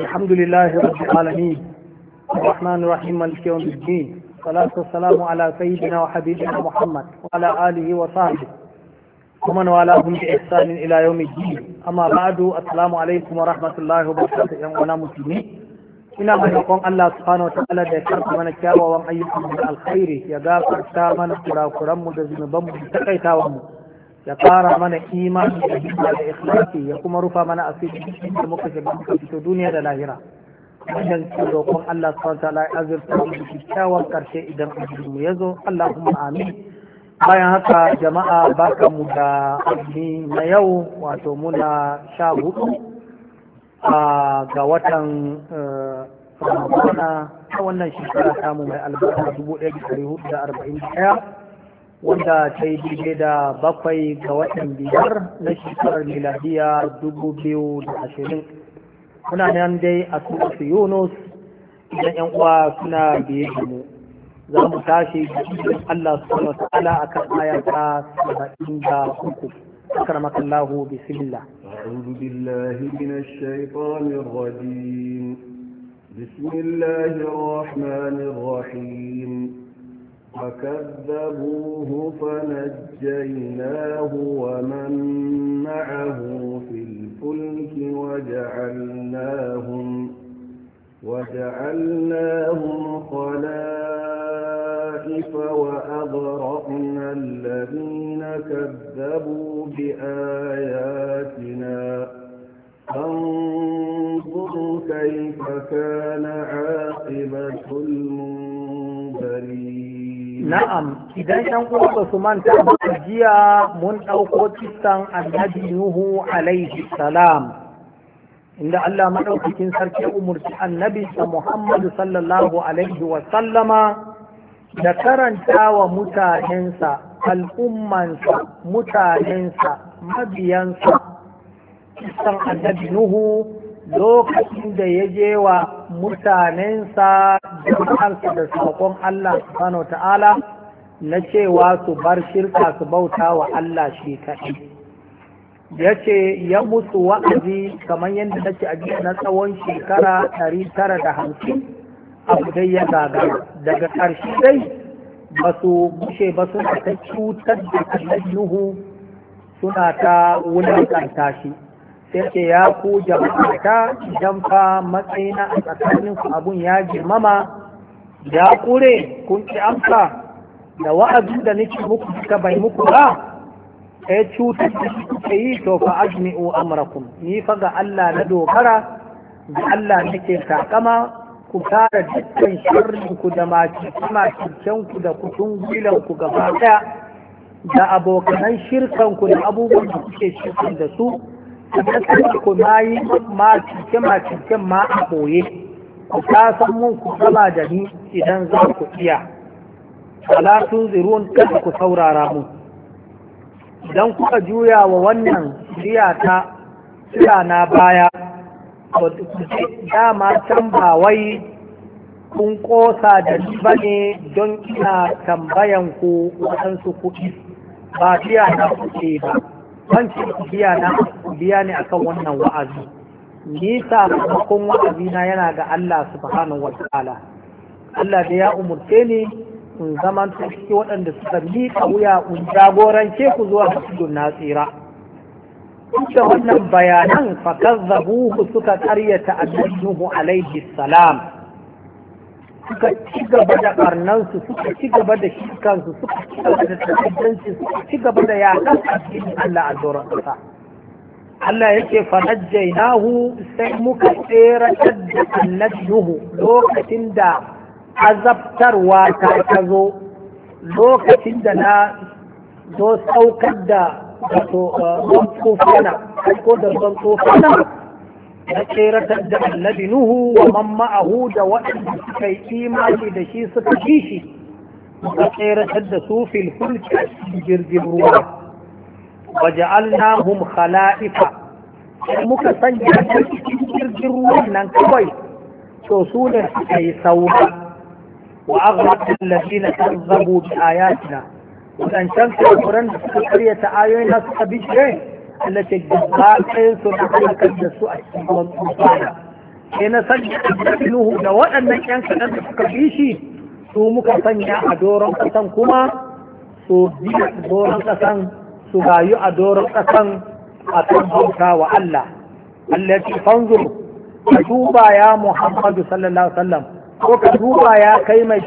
الحمد لله رب العالمين الرحمن الرحيم مالك يوم الدين والصلاة والسلام على سيدنا وحبيبنا محمد وعلى آله وصحبه ومن والاهم بإحسان إلى يوم الدين أما بعد السلام عليكم ورحمة الله وبركاته يا مسلمين ina roƙon Allah subhanahu wataala da ya karɓa mana kyawawan ayyukan mu alkhairi ya gafarta mana kurakuran mu da zunuban mu da takaitawa mu ya ƙara mana imani da hikma da ikhlasi ya kuma rufa mana asiri da muka shiga muka fito duniya da lahira wajen roƙon Allah subhanahu ta'ala ya azurta mu da kyakkyawan karshe idan ajin mu yazo Allahumma amin bayan haka jama'a baka mu da azumi na yau wato muna sha hudu ga watan eh, Ramadana ta wannan shekara tamu mai albarka dubu ɗaya da ɗari hudu da arba'in da ɗaya wanda ta yi daidai da bakwai ga watan biyar na shekarar miladiya dubu biyu da ashirin muna nan dai a su yunus idan yan uwa suna biye da mu za mu tashi da cikin allah su wa ta'ala akan kan ta saba'in da uku أكرمك Makallahu, بسم الله أعوذ بالله من الشيطان الرجيم بسم الله الرحمن الرحيم فكذبوه فنجيناه ومن معه في الفلك وجعلناهم وجعلناهم خلائف وأغرقنا الذين كذبوا بآياتنا فانظر كيف كان عاقبة المؤمنين na'am idan yan uwa ba su manta ba jiya mun ɗauko kisan annabi nuhu alaihi salam inda Allah maɗaukakin sarki umurci annabi sa Muhammadu sallallahu alaihi wa sallama da karanta wa mutanensa al'ummansa mutanensa mabiyansa kisan annabi nuhu lokacin da ya je wa mutanensa jama'arsa da saƙon Allah subhanahu ta'ala na cewa su bar shirka su bauta wa Allah shi kaɗai ya ce ya musu wa'azi kamar yadda nake a na tsawon shekara ɗari tara da hamsin abu dai ya gaga daga ƙarshe dai ba su bushe ba suna ta cutar da annabi Nuhu suna ta wulakanta shi sai ya ku jama'ata ta idan fa matsayina a tsakanin ku abun ya girmama ya kure kun ci amsa da wa'azi da nake muku suka bai muku ba sai cutar da kuka yi to fa ajmi'u amrakum ni fa ga Allah na dogara da Allah nake takama ku tara dukkan shirin ku da macikin ku da kutun gilan ku gaba daya da abokan shirkan ku da abubuwan da kuke shirkan da su da suka ku na yi ma cike ma cike ma a ɓoye ku ta san mun ku kala da ni idan za ku iya ala tun zirun kada ku saurara mu idan kuka juya wa wannan shirya ta shirya na baya dama can ba wai kun ƙosa da ni ba ne don ina tambayan ku waɗansu kuɗi ba shirya na kuɗi ba banki biya na biya ne akan wannan wa'azi ni sakamakon wa'azi na yana ga Allah subhanahu wa ta'ala Allah da ya umurce ni in zama ciki waɗanda suka a wuya in jagorance ku zuwa tudun na tsira da wannan bayanan fakar fakazzabuhu suka ƙaryata annabi Nuhu alaihi salam suka ci gaba da karnansu suka ci gaba da shikansu suka ci gaba da tafidanci suka ci gaba da yakan addinin Allah a zoron ƙasa Allah yake nahu sai muka tsere da annabi Nuhu lokacin da azabtarwa ta zo lokacin da na zo saukar da wato uh, ruwan tsofana ko da ruwan tsofana Na tseratar da annabi nuhu wa man ma'ahu da waɗanda suka yi imani da shi suka ji shi muka tseratar da su fil fulki a cikin jirgin ruwa wa ja'alnahum khala'ifa muka sanya su cikin jirgin ruwan nan kawai to su ne suka yi saura wa aghraqna alladhina kazzabu bi ayatina wadancan kafiran da suka ta ayoyin na suka Allah ce gaba ɗayan su da su a cikin ruwan sai na sanya annabi Nuhu da waɗannan 'yan kaɗan da suka bi su muka sanya a doron ƙasan kuma su bi doron ƙasan su rayu a doron ƙasan a kan wa Allah Muhammadu ko ka ya kai mai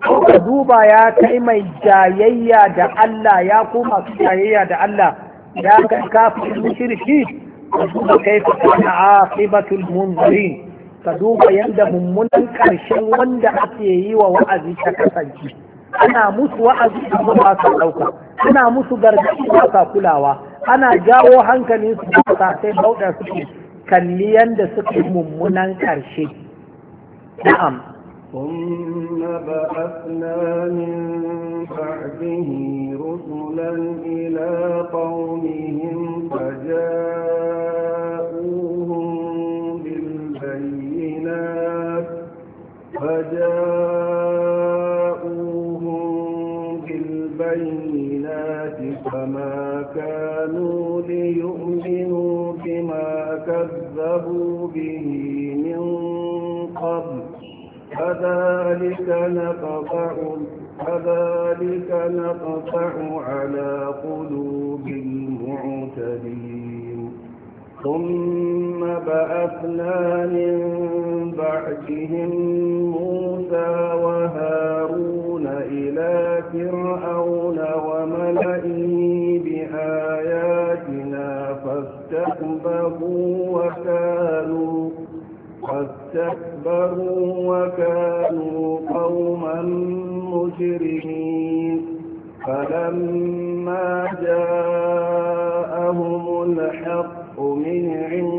ka duba ya kai mai jayayya da Allah ya koma su jayayya da Allah ya ga kafin mushriki ka duba kaifa kana aqibatul munzirin ka duba yadda mummunan karshen wanda ake yi wa wa'azi ta kasance ana musu wa'azi amma ba sa dauka ana musu gargaɗi ba sa kulawa ana jawo hankalin su ba sa sai bauɗa suke kalli yadda suke mummunan ƙarshe. na'am ثم بعثنا من بعده رسلا إلى قومهم فجاءوهم بالبينات فجاءوهم بالبينات فما كانوا ليؤمنوا بما كذبوا به كذلك نقطع كذلك نقطع على قلوب المعتدين ثم بعثنا من بعدهم موسى وهارون إلى فرعون وملئه بآياتنا فاستكبروا وكانوا تكبروا وكانوا قوما مجرمين فلما جاءهم الحق من عند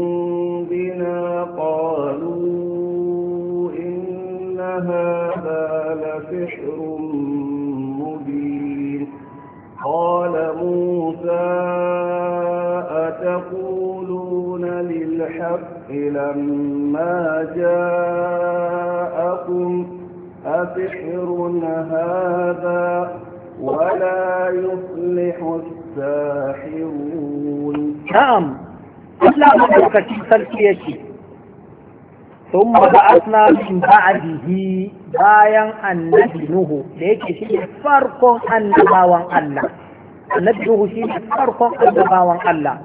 سحر هذا ولا يفلح الساحرون نعم ألا مدرك تلك ثم بعثنا من بعده bayan annabi Nuhu da yake shi ne farkon annabawan Allah annabi Nuhu shi ne farkon annabawan Allah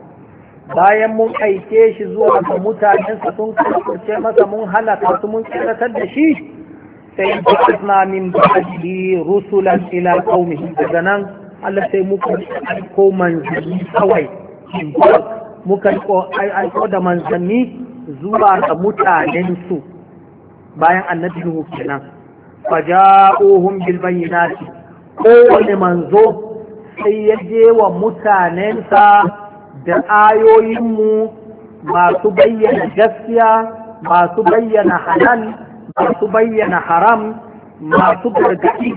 bayan mun aike shi zuwa ga mutanensa sun kasance masa mun halaka su mun tsiratar da shi sai ba'athna min ba'dihi rusulan ila qaumihim daga nan Allah sai muka ko manzanni kawai muka ko da manzanni zuwa ga mutanen su bayan annabi Nuhu kenan faja'uhum bil bayyinati kowane manzo sai ya je wa mutanen sa da ayoyin ayoyinmu masu bayyana gaskiya masu bayyana halal masu bayyana haram masu gargaɗi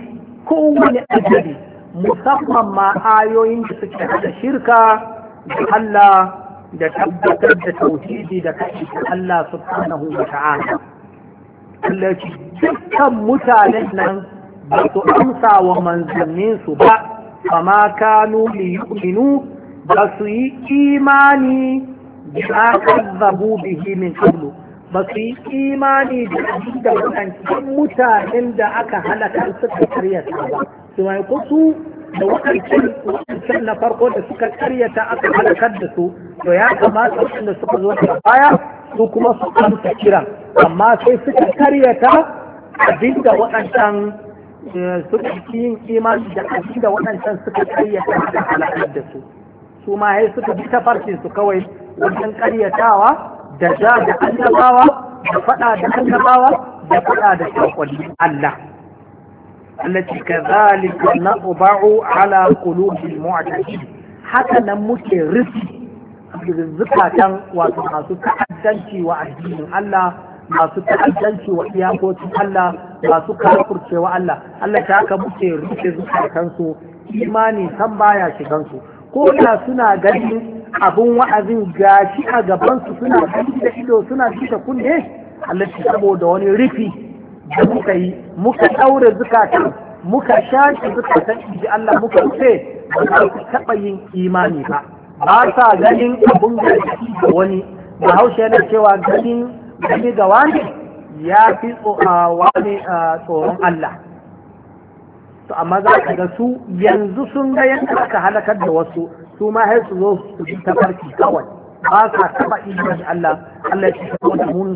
wani ajabi musamman ma ayoyin da suke hada shirka da Allah da tabbatar da tauhidi da kashi da Allah subhanahu wa ta'ala Allah ce dukkan mutanen nan ba su amsa wa manzanninsu ba kama kanu li yu'minu ba su yi imani bi ma kazzabu bihi min qablu ba su yi imani da abin da wadancan mutanen da aka halaka suka karyata ba su mai kusu da wadancan na farko da suka karyata aka halakar da su to ya kamata da suka zo da baya su kuma su amsa kiran amma sai suka karyata abin da su eh, suka yin imani da abin da wadancan suka karyata aka halakar da su su ma sai suka bi tafarkin su kawai wajen karyatawa da za da annabawa da faɗa da annabawa da faɗa da saƙonni Allah التي كذلك نطبع ala قلوب المعتدين haka nan muke rufi zukatan wato masu ta'addanci wa addinin Allah masu ta'addanci wa iyakokin Allah masu kafurcewa Allah Allah ta haka muke rufe su, imani san baya shigansu ko ina suna ganin abun wa'azin gashi a gabansu suna da ido suna ji kunne halitta saboda wani rufi da muka yi muka ɗaure zukatan muka shaƙi zukatan inji Allah muka ce ba za su taɓa yin imani ba ba sa ganin abun gashi da wani bahaushe na cewa ganin gani ga wani ya fi wani tsoron Allah to amma za ka ga su yanzu sun ga yadda aka halakar da wasu su ma sai su zo su ji tafarki kawai ba sa taba imani Allah Allah ya tafi da mun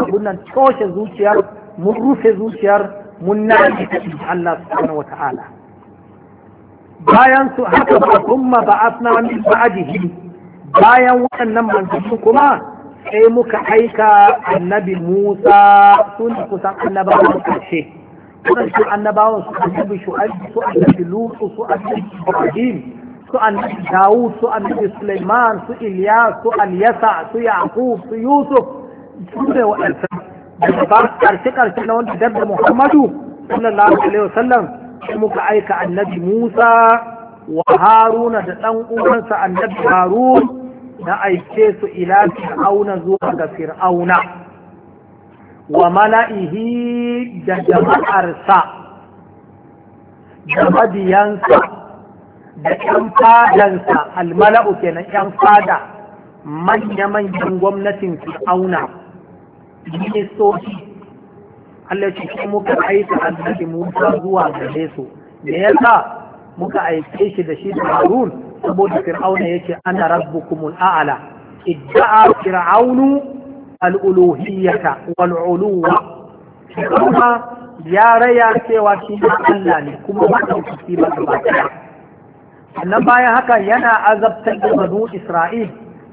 abun nan toshe zuciyar mun rufe zuciyar mun nani ta Allah subhanahu wata'ala bayan su haka ba kuma ba'athna min ba'dihi bayan waɗannan manzanni kuma sai muka aika annabi Musa sun kusan annabawan ƙarshe. Kusan su annabawan su annabi Shu'aib su annabi Lutu su annabi Ibrahim su annabi Dawud su annabi Suleiman, su Ilyas su Alyasa su Yaqub su Yusuf su da waɗansu daga ba karshe karshe na wanda dabda Muhammadu sallallahu alaihi wasallam muka aika annabi Musa wa Haruna da ɗan uwansa annabi Harun na aike su ila Fir'auna zuwa ga Fir'auna wa mala'ihi da jama'arsa da madiyansa da yan fadansa almala'u na yan fada manya-manyan gwamnatin fir'auna ministoci Allah ce shi muka aika annabi Musa zuwa gare su me yasa muka aike shi da shi da Harun saboda fir'auna yake ana rabbukumul a'ala. idda'a fir'aunu al-uluhiyyata wal-uluwa Kuma ya raya cewa shi Allah ne kuma ba ta ba sannan bayan haka yana azabtar da banu isra'il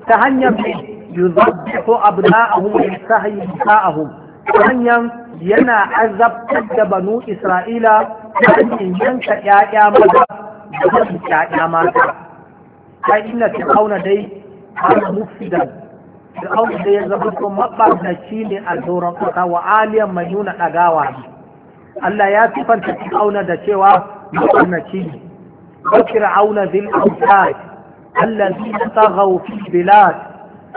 ta hanyar mai yuzabbihu abna'ahum wa yastahyi nisa'ahum ta hanyar yana azabtar da banu isra'ila ta hanyar yanka ƴaƴa maza da wasu ƴaƴa mata ta inna fir'auna dai har mufsidan fir'auna dai ya zama ko mabarnaci ne a doron ƙasa wa aliyan mai nuna ɗagawa Allah ya sifanta fir'auna da cewa mabarnaci ne وفرعون ذي الأوتاد الذين طغوا في البلاد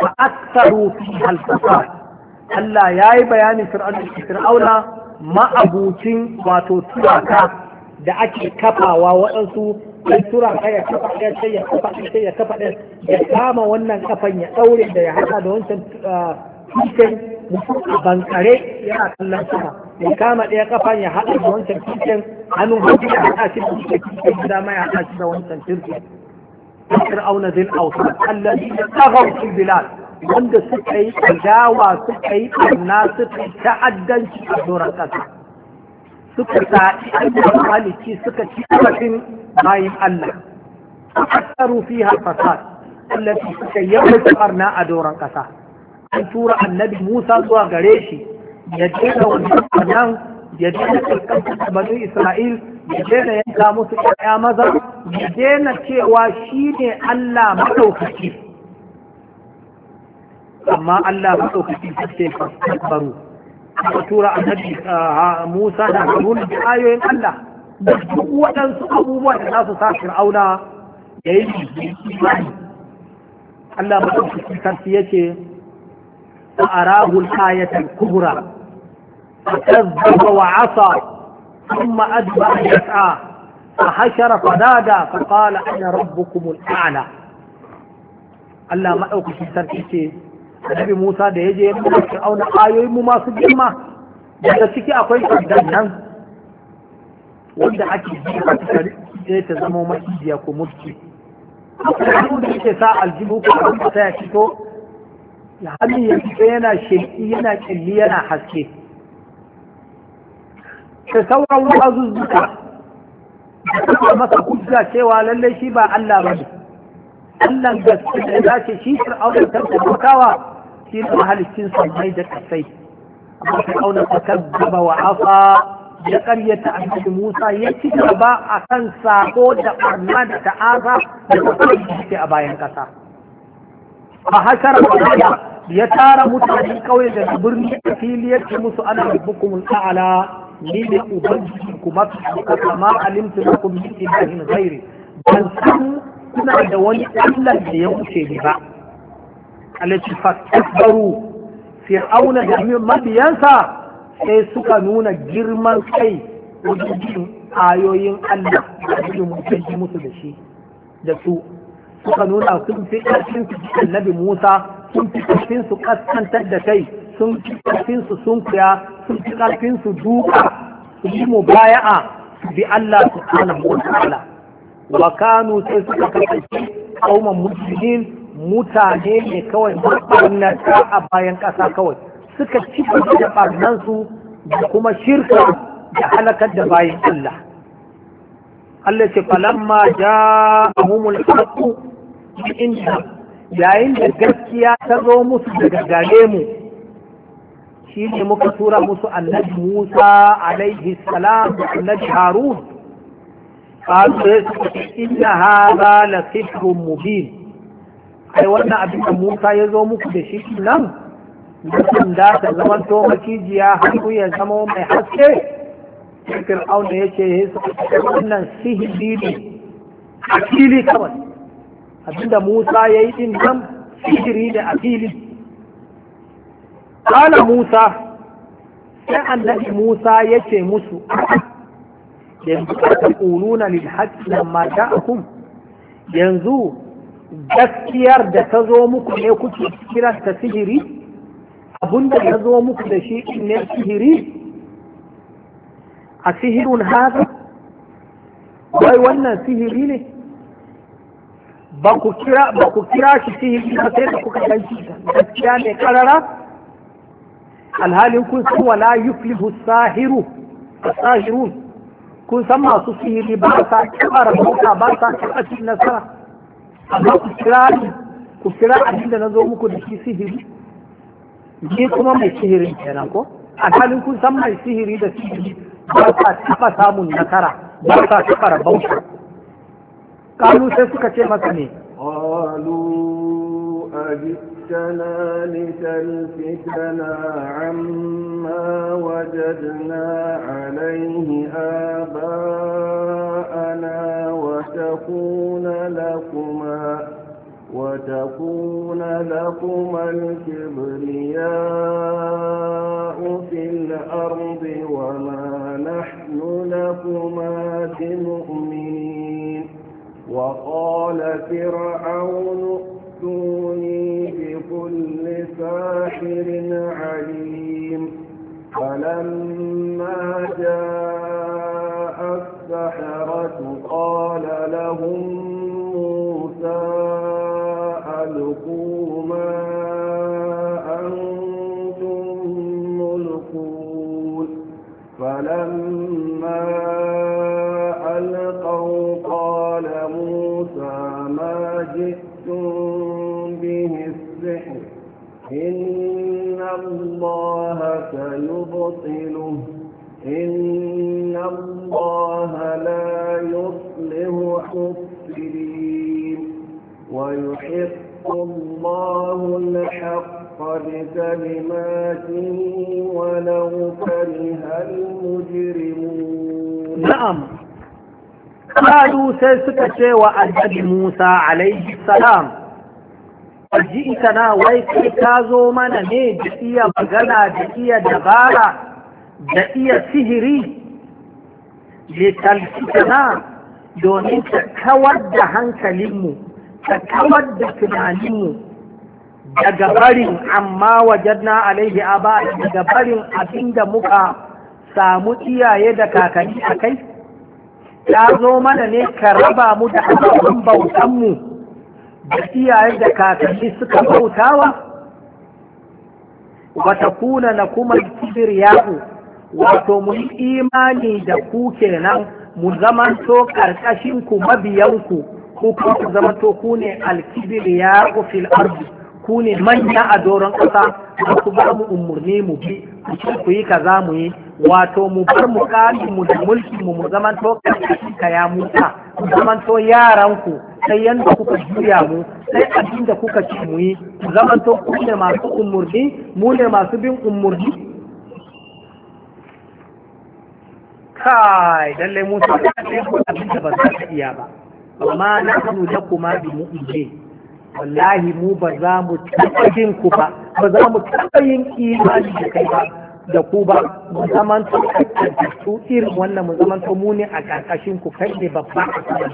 وأكثروا فيها الفساد Allah ya yi bayanin fir'auna ma'abucin wato turaka da ake kafawa waɗansu ɗan turaka ya kafa ɗaya sai ya kafa ɗaya sai ya kafa ɗaya ya kama wannan kafan ya ɗaure da ya haɗa da wancan titin mutum a bankare yana kallon sama ya kama ɗaya kafa ya haɗa da wancan titin hannun hajji ya haɗa shi da wancan titin gida ma ya haɗa shi da wancan titin fir'auna zil ausa ya taghaw fil bilad wanda suka yi adawa suka yi anna suka yi ta'addanci a doron ƙasa suka sa'i Allah maliki suka ci kafin bayan Allah a aktaru fiha fasad allati suka yawaita arna a doron ƙasa an tura annabi Musa zuwa gare shi ya daina wannan kanan ya daina da bani Isra'il ya daina yanka musu ƴaƴa maza ya daina cewa shi ne Allah maɗaukaki amma Allah maɗaukaki ta ce fasbaru aka tura annabi Musa da Harun da ayoyin Allah da duk waɗansu abubuwa da za su sa Fir'auna ya yi imani Allah maɗaukaki sarki yake فأراه الآية الكبرى فكذب وعصى ثم أدبر يسعى فحشر فنادى فقال أنا ربكم الأعلى Allah maɗaukacin sarki ce Annabi Musa da ya je ya auna ayoyin mu masu girma daga ciki akwai sandan nan wanda ake jifa ta ta zama macijiya ko mulki akwai wanda yake sa aljihu ko abin ta ya fito hannun ya fita yana shirki yana ƙilli yana haske da sauran wazuzzuka da kuma masa hujja cewa lallai shi ba Allah ba ne Allah gaske da ya ce shi fir'auna ta tabbatawa shi da mahalicin sammai da kasai amma auna ta kazzaba wa afa ya karyata annabi Musa ya ci gaba akan sako da arna da ta'aza da ta kuma a bayan kasa a hashara wadanda ya tara mutane kawai da birni a fili yake musu ana rabbukum ta'ala ni ne ubangiji ku mafi kama alimtu lakum min ilahin ghairi ban san kuna da wani Allah da ya wuce ni ba alati fastakbaru auna da mabiyansa sai suka nuna girman kai wajen ayoyin Allah da mutum musu da shi da su suka nuna sun fi ƙarfin su annabi Musa sun fi ƙarfin su kaskantar da kai sun fi ƙarfin su sun kuya sun fi ƙarfin su duka su yi mubaya'a bi Allah su wa ta'ala wa kanu sai suka kasance kauman musulmin mutane ne kawai mabarnata a bayan ƙasa kawai suka ci da barnansu da kuma shirka da halakar da bayan Allah Allah ce falamma ja'ahumul haqqu inda yayin da gaskiya ta zo musu daga gare mu shi ne muka tura musu annabi Musa alaihi salam da annabi Harun ha za la لسحر مبين ai wannan abin da Musa ya zo muku da shi nan mutum da ta zama to makijiya har ya zama mai haske Fir'aun ce yake yi su wannan sihiri ne a fili kawai abinda Musa ya yi din nan sihiri da fili? kala Musa sai annabi Musa ya ce musu yanzu ta ƙununa lil haqqi lamma ja'akum yanzu gaskiyar da ta zo muku ne kuke kiran ta sihiri abinda ta zo muku da shi ne sihiri a sihirun haka wai wannan sihiri ne ba ku kira ba ku shi sihiri ba sai da kuka san shi gaskiya ne karara alhalin kun san wala yuflihu sahiru sahirun kun san masu sihiri ba sa kara bauta ba sa kara cin nasara amma ku kira ni ku kira abin da na zo muku da shi sihiri ni kuma mai sihirin kenan ko alhalin kun san mai sihiri da sihiri ba sa taɓa samun nasara ba sa taɓa rabauta kalu sai suka ce masa ne qalu ajtana litalfitana amma wajadna alayhi abaana wa takuna lakuma وتكون لكم الكبرياء في الأرض وما نحن لكما بمؤمنين وقال فرعون ائتوني بكل ساحر عليم فلما جاء السحرة قال لهم سيبطله إن الله لا يصلح حفرين ويحق الله الحق بكلماته ولو كره المجرمون نعم قالوا سيسكت وأجد موسى عليه السلام ji na wai kai ka zo mana ne da iya magana da iya dabara da iya sihiri na domin ka kawar da hankalinmu ka kawar da tunaninmu daga barin amma wajen na alaihi aba daga barin abinda muka samu iyaye da kakanni a kai ta zo mana ne ka raba mu da abubuwan bautanmu da iyayen da kakanni suka bautawa wata kuna na kuma kibir yaku wato mun imani da ku kenan mu zamanto karkashin ku mabiyanku ku kuma ku zamanto ku ne alkibir yaku fil ardi ku ne manya a doron ƙasa ba ku ba mu umarni mu bi ku ku yi kaza mu yi wato mu bar mu kari mu da mulki mu mu zaman to ka ya muta mu zaman to yaran ku sai yanda kuka juya mu sai abin da kuka ci mu yi mu zaman to ku ne masu umurni mu ne masu bin umurni kai lalle musa abin da ba za ka iya ba amma na kanu da kuma bi mu'mini wallahi mu ba za mu taɓa jin ku ba ba za mu taɓa yin imani da kai ba da ku ba mu zaman to su irin wannan mu zaman ta muni a ƙarƙashin ku kai ne babba a kan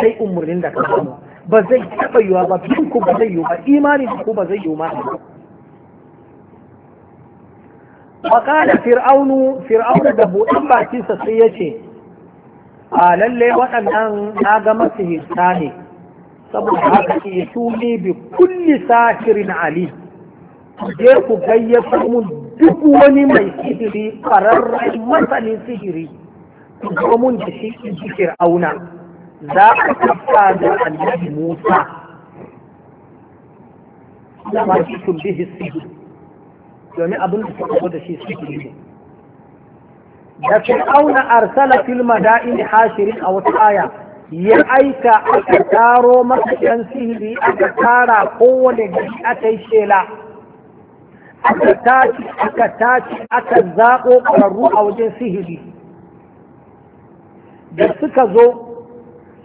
sai umarnin da ka samu ba zai taɓa yiwa ba bin ku ba zai yiwa ba imani da ku ba zai yiwa ma وقال فرعون da ده بودن باkin sa sai yace a lalle waɗannan na ga masu hirta ne saboda haka ya tuni bi kulli sahirin ali je ku gayyato mun duk wani mai sihiri ƙararren masanin sihiri ku zo mun da shi in ji fir'auna za ka tafka da annabi musa da ma shi tun bihi sihiri domin abin da suka da shi sihiri ne da fir'auna arsala fil madaini hashirin a wata aya ya aika aka taro masa ɗan sihiri aka tara kowane gari aka yi shela aka tashi aka tashi aka zaɓo a wajen sihiri da suka zo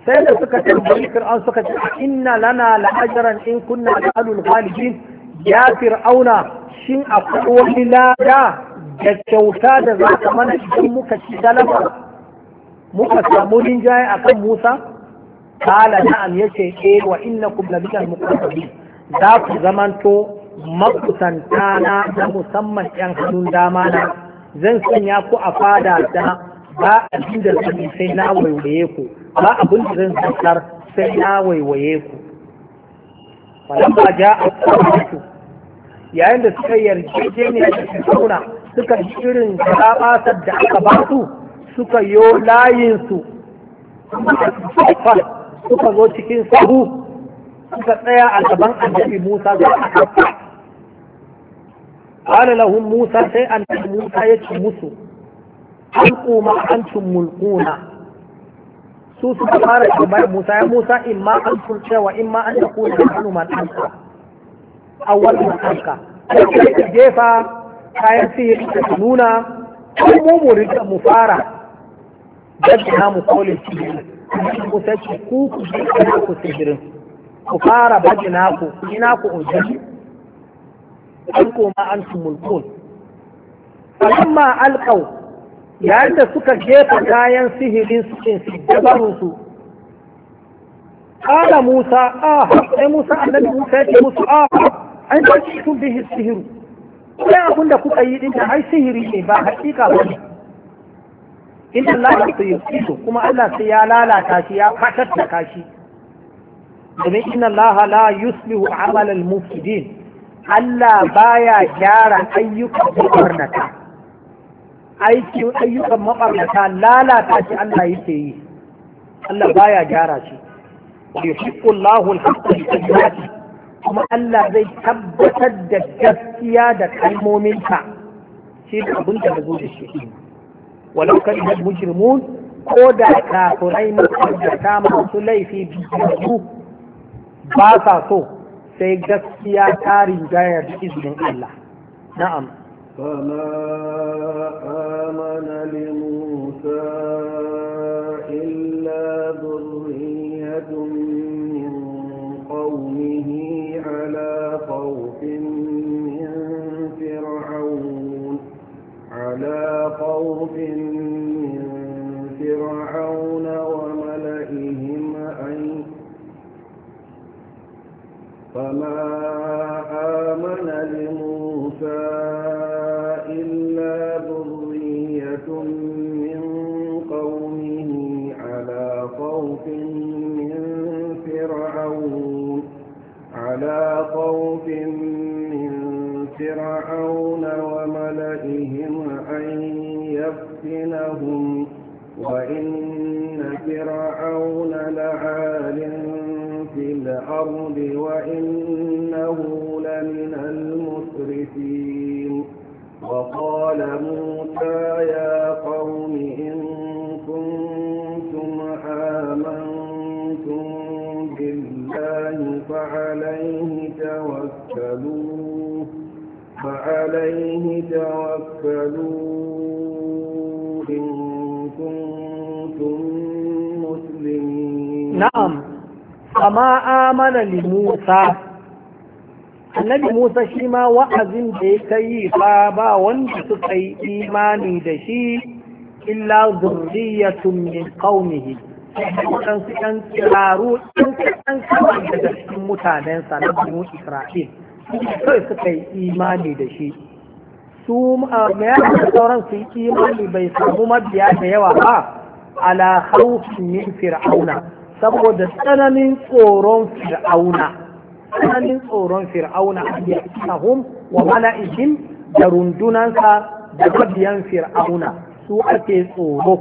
sai da suka tambayi fir'aun suka ce inna lana la'ajaran in kunna al'alul ghalibin ya fir'auna shin akwai wani lada da kyauta da za ka mana idan muka ci galaba muka samu a akan Musa kala na'am ce, e wa innakum bikin muqarrabin za ku zamanto makusanta na da musamman yan hannun dama na zan sanya ku a fada ta, ba a da sami sai na waiwaye ku ba abin da zan sassar sai na waiwaye ku a ja'a qawmatu yayin da suka yarjejeniya da suka yi irin gabatar da aka ba su suka yo layinsu suka zo cikin sahu suka tsaya a gaban annabi Musa da aka قال لهم Musa sai an Musa ya ci musu alqu an antum mulkuna su suka fara tambayar Musa ya Musa in ma an kurce in ma an da hannu ma wani matanka. ya ke jefa kayan fiye da nuna mu mu rika mu fara jadda namu kolin sihirin ku sace ku ku je ku ku sihirin ku fara baje naku ku yi ku? ujiyi an koma an tumulkun falamma alqaw yayin da suka jefa kayan sihirin su cin su dabarun su قال موسى آه أي موسى النبي موسى موسى آه أنت جئتم به السحر sai abin da kuka yi din ai sihiri ne ba hakika ba ne inda Allah ya yi su kuma Allah sai ya lalata shi ya fatattaka shi domin inna Allah la yuslihu amal al mufsidin Allah baya gyara ayyukan mabarnata aiki ayyukan mabarnata lalata shi Allah yake yi Allah baya gyara shi yuhibbu Allahu al-haqqa bi kalimatihi kuma Allah zai tabbatar da gaskiya da kalmominka shi da abin da zo da shi ولو كان المجرمون كودا كافرين مخرج كاما سلي في بيجو باتا سو سيجد سيا تاري جاية بإذن الله نعم فما آمن لموسى إلا ذرية على خوف من فرعون وملئهم أن فما آمن لموسى إلا ذرية من قومه على خوف من فرعون على خوف من فرعون وملئهم أن يفتنهم وإن فرعون لعال في الأرض وإنه لمن المسرفين وقال موسى يا فعليه توكلوا إن كنتم مسلمين نعم فما آمن لموسى annabi Musa shi ma wa'azin da ya ta yi fa ba wanda suka yi imani da shi illa zurriyatun Ya qaumihi waɗansu ɗan tsiraru ɗan kaɗan kawai daga cikin mutanensa na banu Isra'il kawai suka yi imani da shi su mayakan sauran su yi imani bai samu mabiya da yawa ba ala haufin min fir'auna saboda tsananin tsoron fir'auna tsananin tsoron fir'auna a biya sahun wa ikin da rundunansa da mabiyan fir'auna su ake tsoro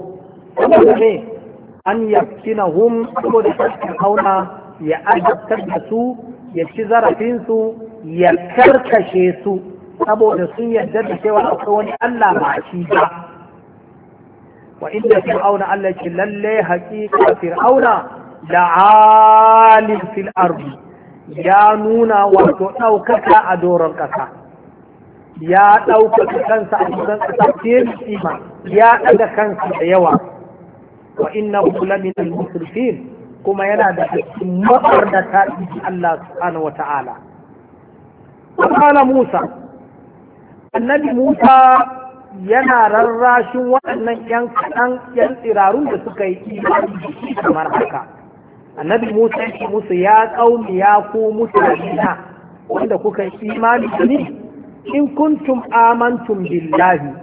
saboda ne an hum saboda fir'auna ya azabtar da su ya ci zarafinsu ya karkashe su saboda sun yarda da cewa akwai wani Allah ba shi ba wa inda fir'auna Allah ce lalle haƙiƙa fir'auna da alim fil ya nuna wato ɗaukaka a doron ƙasa ya ɗaukaka kansa a cikin ƙasa fiye da ya ɗaga kansa da yawa wa inna kula min al kuma yana da cikin da Allah subhanahu wa ta'ala قال Musa, Annabi Musa yana rarrashin waɗannan ‘yan kaɗan ‘yan tsirarun da suka yi imani kamar haka. Annabi Musa ya musu ya ƙaumi ya ku wanda kuka yi imani da ni in kuntum amantum billahi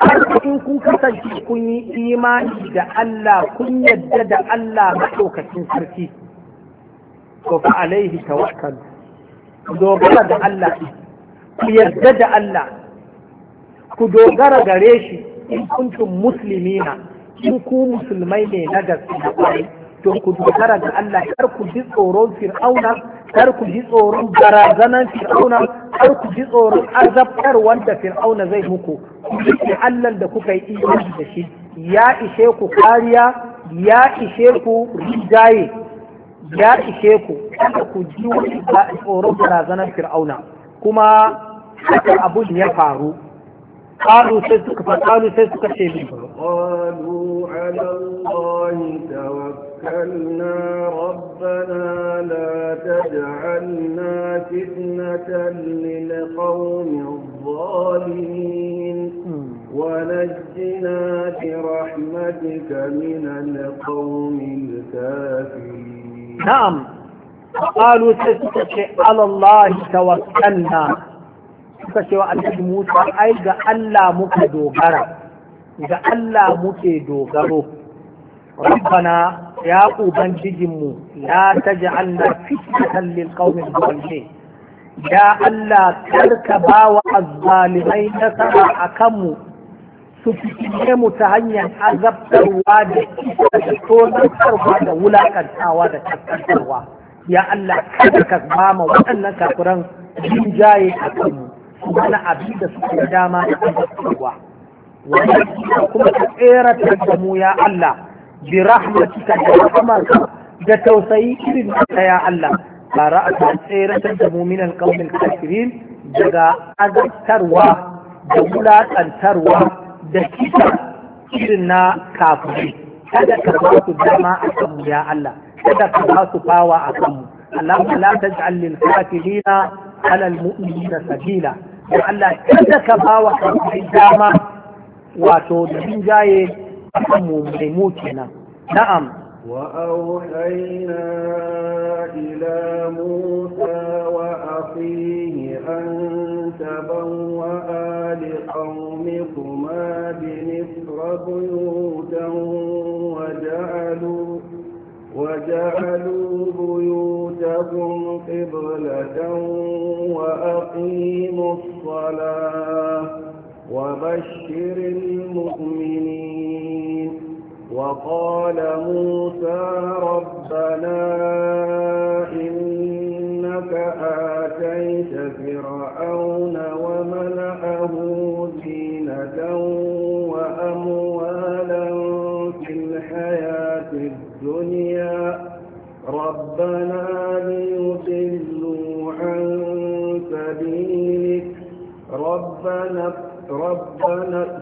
har in kun kasance kun yi imani da Allah kun yadda da Allah maɗaukacin sarki. Ko fa alaihi tawakkalu dogara da Allah ku yarda da Allah ku dogara gare shi in kuntum muslimina in ku musulmai ne na gaske kwarai to ku dogara da Allah kar ku ji tsoron fir'auna kar ku ji tsoron barazanan fir'auna kar ku ji tsoron azabtar wanda fir'auna zai muku ku Allah da kuka yi imani da shi ya ishe ku kariya ya ishe ku rijaye ya ishe ku kada ku ji wani tsoron barazanar fir'auna kuma haka abun ya faru قالوا سيدك فقالوا سيدك شيء فقالوا على الله توكلنا ربنا لا تجعلنا فتنة للقوم الظالمين ونجنا برحمتك من القوم الكافرين na'am qalu sai ta ce alallahi tawakkalna suka ce wa Musa ai ga Allah muke dogara ga Allah muke dogaro rabbana ya ubangijinmu la taj'alna fitnatan lil qaumin zalimin ya Allah karka bawa azzalimai nasara akan mu su fitine mu ta hanyar azabtarwa da da tonantarwa da wulakantawa da kaskantarwa ya Allah kada ka ba ma waɗannan kafiran jin jinjaye a kanmu su mana abin da suke dama da azabtarwa wannan kuma ka tseratar da mu ya Allah bi rahmatika da rahmarka da tausayi irin ta ya Allah ba ra'a tseratar da mu min alqawmil kafirin daga azabtarwa da wulakantarwa da kisa irin na kafirai kada ka ba su dama a kanmu ya Allah kada ka ba su bawa a kanmu Allah la taj'al lil kafirina ala al mu'minina sabila ya Allah kada ka ba wa dama wato da jaye a kan mu mai mu kenan na'am وأوحينا إلى موسى وأخيه أن تبوأ لقومكما بمصر بيوتا وجعلوا وجعلوا بيوتكم قبلة وأقيموا الصلاة وبشر المؤمنين وقال موسى ربنا إنك آتيت فرعون وملأه زينة وأموالا في الحياة الدنيا ربنا ليضلوا عن سبيلك ربنا ربنا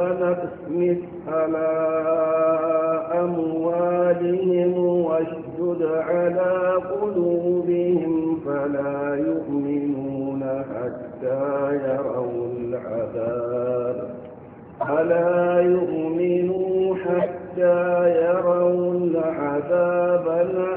ربنا اسمس على أموالهم واشدد على قلوبهم فلا يؤمنون حتى يروا العذاب فلا يؤمنوا حتى يروا العذاب العذاب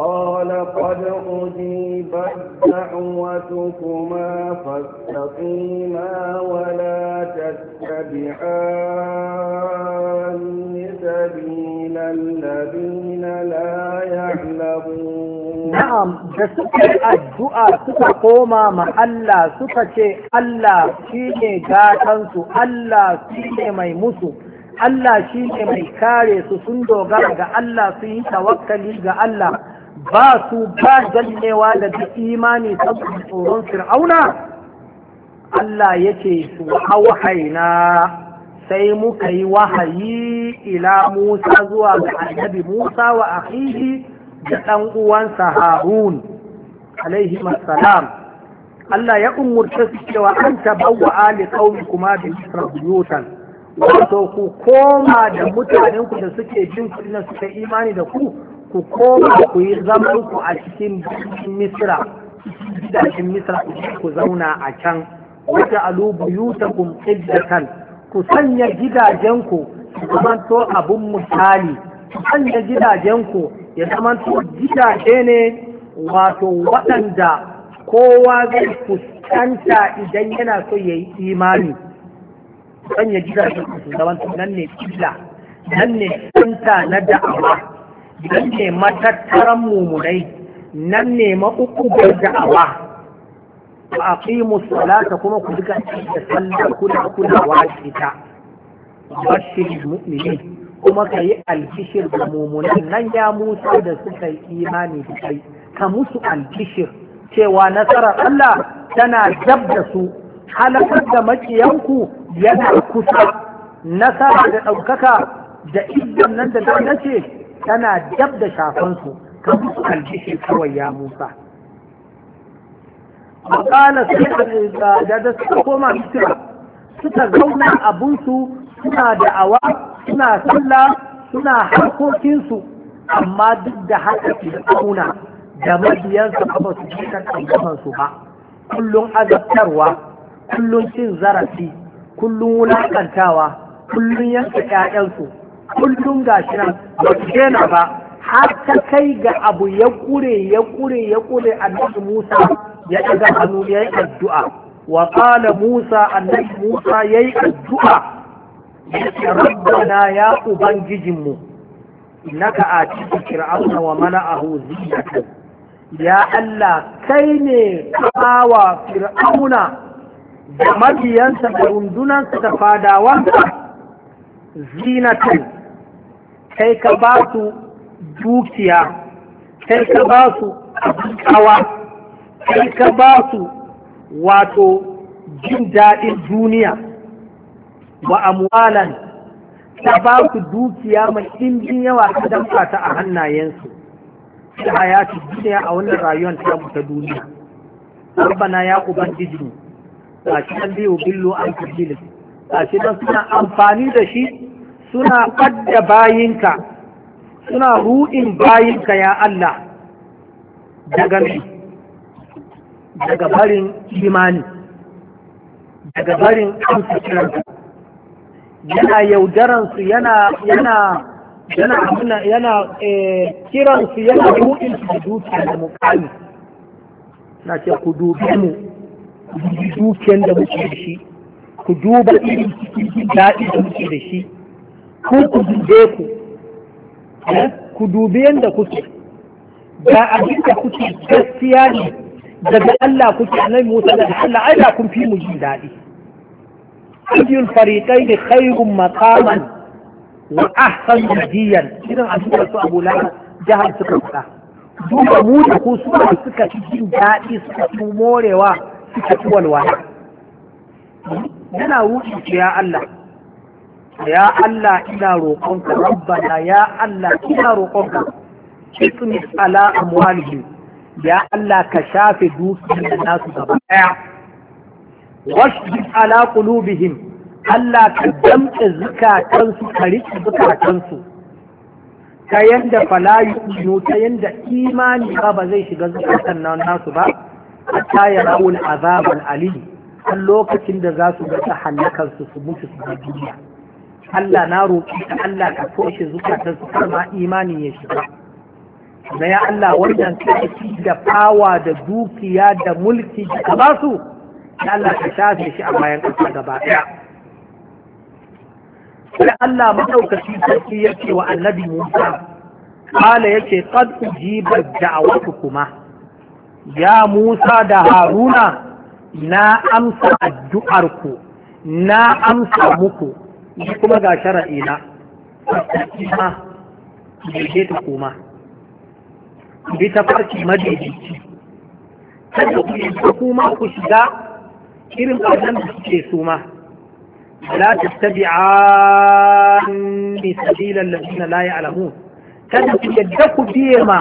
قال قد أجيبت دعوتكما فاستقيما ولا تتبعان سبيل الذين لا يعلمون نعم da suka yi addu'a suka koma ma Allah suka ce Allah shi ne gatansu Allah shi mai musu Allah shi mai kare su sun dogara ga Allah sun yi tawakkali ga Allah ba su ba gallewa da duk imani saboda tsoron fir'auna Allah yake su hawhaina sai muka yi wahayi ila Musa zuwa ga annabi Musa wa akhihi da ɗan uwansa Harun alaihi salam Allah ya umurce su cewa an tabawwa ali qaumi kuma bi Misra wato ku koma da mutanenku da suke jin kullun suka imani da ku ku koma ku yi zamanku ku a cikin misra gidajen misra ku zauna a can wata alubu yutakum kan ku sanya gidajenku su zamanto abun misali ku sanya gidajenku ya zamanto gidaje ne wato waɗanda kowa zai fuskanta idan yana so ya yi imani sanya gidajenku su zamanto nan ne kila nan ne santa na da'awa nan ne matattaran mumurai nan ne da da'awa wa aqimu salata kuma ku duka da sallar kuna kuna ba shi mu'minin kuma ka yi alkishir da mumunan nan ya musa da suka yi imani da kai ka musu alkishir cewa nasarar Allah tana dab da su halakar da makiyanku yana kusa nasara da ɗaukaka da idan nan da ta ce tana dab da shafansu ka musu aljishi kawai ya musa makala sai da suka koma misira suka zauna abunsu suna da'awa suna sallah suna harkokinsu amma duk da haka fir'auna da mabiyansa ba ba su ji ba kullum azabtarwa kullum cin zarafi kullum wulakantawa kullum yanka 'ya'yansu kullum gashi nan ba su daina ba har ta kai ga abu ya kure ya kure ya kure annabi Musa ya daga hannu ya yi addu'a wa ƙala Musa annabi Musa ya yi addu'a Rabbana ya ubangijinmu innaka ciki fir'auna wa mala'ahu ziyatan ya Allah kai ne kawawa fir'auna da mabiyansa da rundunansa da fadawansa Zinatu. kai ka ba su dukiya kai ka ba su kawa kai ka ba su wato jin daɗin duniya wa amwalan ta ba su dukiya mai ɗimbin yawa ta damfa ta a hannayensu ta su duniya a wannan rayuwar tamu ta duniya rabbana ya ubangiji ga shi an biyu billo an kabilin ga shi don suna amfani da shi suna ɓadda bayinka suna ruɗin bayinka ya Allah daga daga barin imani daga barin amsa kiranka yana yaudaransu yana yana yana yana eh, kiransu yana ruɗin su da dukiya da mukami na ce ku dubi mu dukiyan da muke da shi ku duba irin cikin daɗi da muke da shi ku ku dube ku eh? ku dubi yadda kuke ga abin da kuke gaskiya ne daga Allah kuke Musa daga Allah ai kun fi mu ji daɗi ayyul da khairum maqaman wa ahsan jiyan. irin abin da su Abu jahar suka faɗa duba mu da ku su suka fi jin daɗi suka fi morewa suka fi walwala yana wuce ya Allah ya Allah ina roƙonka rabbana ya Allah ina roƙonka ismi ala amwalihi ya Allah ka shafe dukiyar nasu gaba Wasu washdid ala qulubihim Allah ka damƙe zukatansu ka riƙe zukatansu ta yanda fala ino ta yanda imani ba ba zai shiga zukatan na nasu ba a ya rawul azabal alihi kan lokacin da za su ga hannakansu su mutu su duniya Allah na roƙi ka Allah ka toshe zukatan su kar ma imani ya shiga da ya Allah wannan sarki da fawa da dukiya da mulki da ka ba su da Allah ka shafe shi a bayan ƙasa gaba ɗaya da Allah maɗaukaki sarki ya ce wa annabi Musa قال da a أجيبت kuma. Ya Musa da Haruna. na amsa addu'arku na amsa muku shi kuma ga shara'i na kuma daidai da kuma bi ta farki madaidaici kada ku yi kuma ku shiga irin ɓarnan da suke su ma la bi sabila allazina la ya'lamun kada ku yadda ku biye ma